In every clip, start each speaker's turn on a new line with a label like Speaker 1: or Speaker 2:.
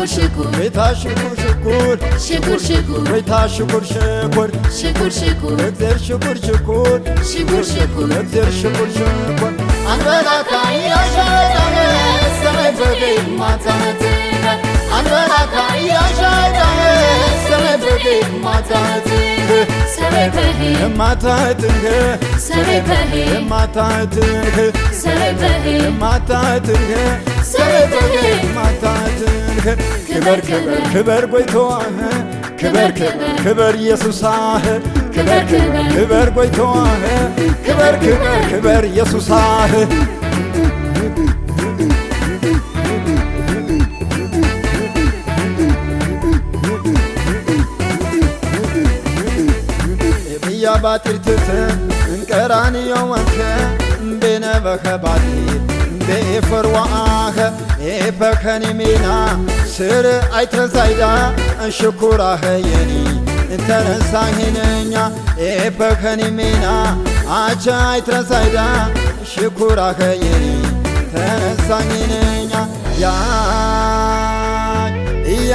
Speaker 1: şükür şükür şükür
Speaker 2: Meyta şıkur şükür şükür şükür şükür şıkur şıkur şükür şükür şükür şıkur şıkur
Speaker 1: Şıkur şıkur
Speaker 2: Ekzer şıkur şıkur
Speaker 3: Anadolu'da yaşadığını Sana böbeyim matanatına Anadolu'da yaşadığını Sana böbeyim matanatına
Speaker 1: ክበር
Speaker 2: ክበር ክበር ጎይቶዋህ ክበር ክበር ክበር ኢየሱሳህ
Speaker 1: ክበር ክበር
Speaker 2: ክበር ጎይቶዋህ ክበር ክበር ክበር ኢየሱሳህ እያባጢርትት እንቀራንዮ ወንከ እምቤነበኸ ባጢር ሜና ስር አይተዛይዳ እንሽኩራኸ የኒ እንተነሳሂነኛ ኤበኸኒ ሜና አቸ አይትረሳይዳ ሽኩራኸ የኒ ያ ያ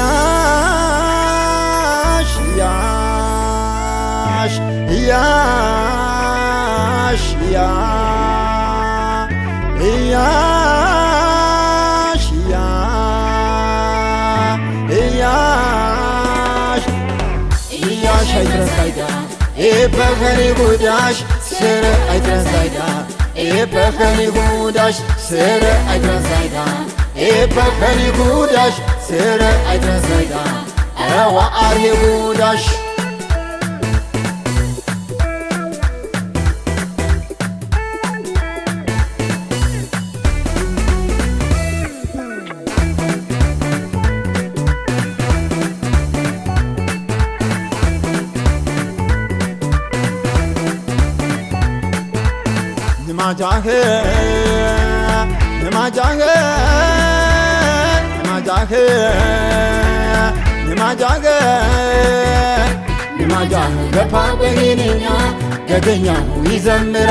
Speaker 2: እያሽ እያሽ እያሽ እያሽ አይድረስ አይዳ በከኔ ጉዳሽ ስር አይድረስ አይዳ በከኔ ጉዳሽ ስር አይድረስ አይዳ በከኔ ጉዳሽ ስር አይድረስ አይዳ ረዋ አርሄ ጉዳሽ ማጃሄ ማጃሄ ማጃሄ ማጃሄ ንማጃህ ገባ በሂንኛ ገገኛሁ ይዘምር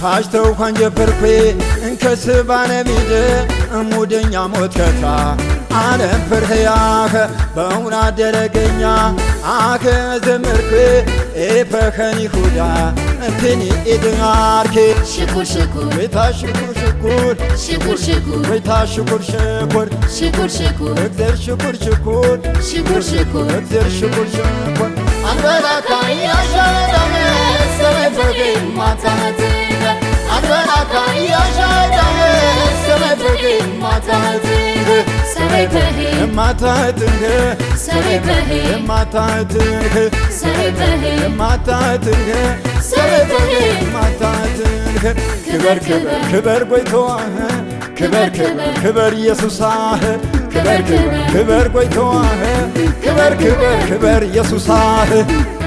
Speaker 2: ካጅተው ኳንጀበርኩ እንከስ ባነቢድ እሙደኛ ሞት ከታ አለም ፍርህያኸ በውና ደረገኛ አከ ዘምርኩ ኤፈኸኒ ሁዳ እንትን ኢድናርኬ
Speaker 1: ሽኩር ሽኩር
Speaker 2: ወይታ ሽኩር ሽኩር እግዜር ሽኩር ሽኩር እግዜር ሽኩር
Speaker 3: አንበላካ ያሸረ ክበር
Speaker 2: ክበር ክበር ጎይተዋ ክበር ክበር ክበር ኢየሱሳ ክበር ክበር ክበር ጎይተዋ ክበር ክበር ክበር ኢየሱሳ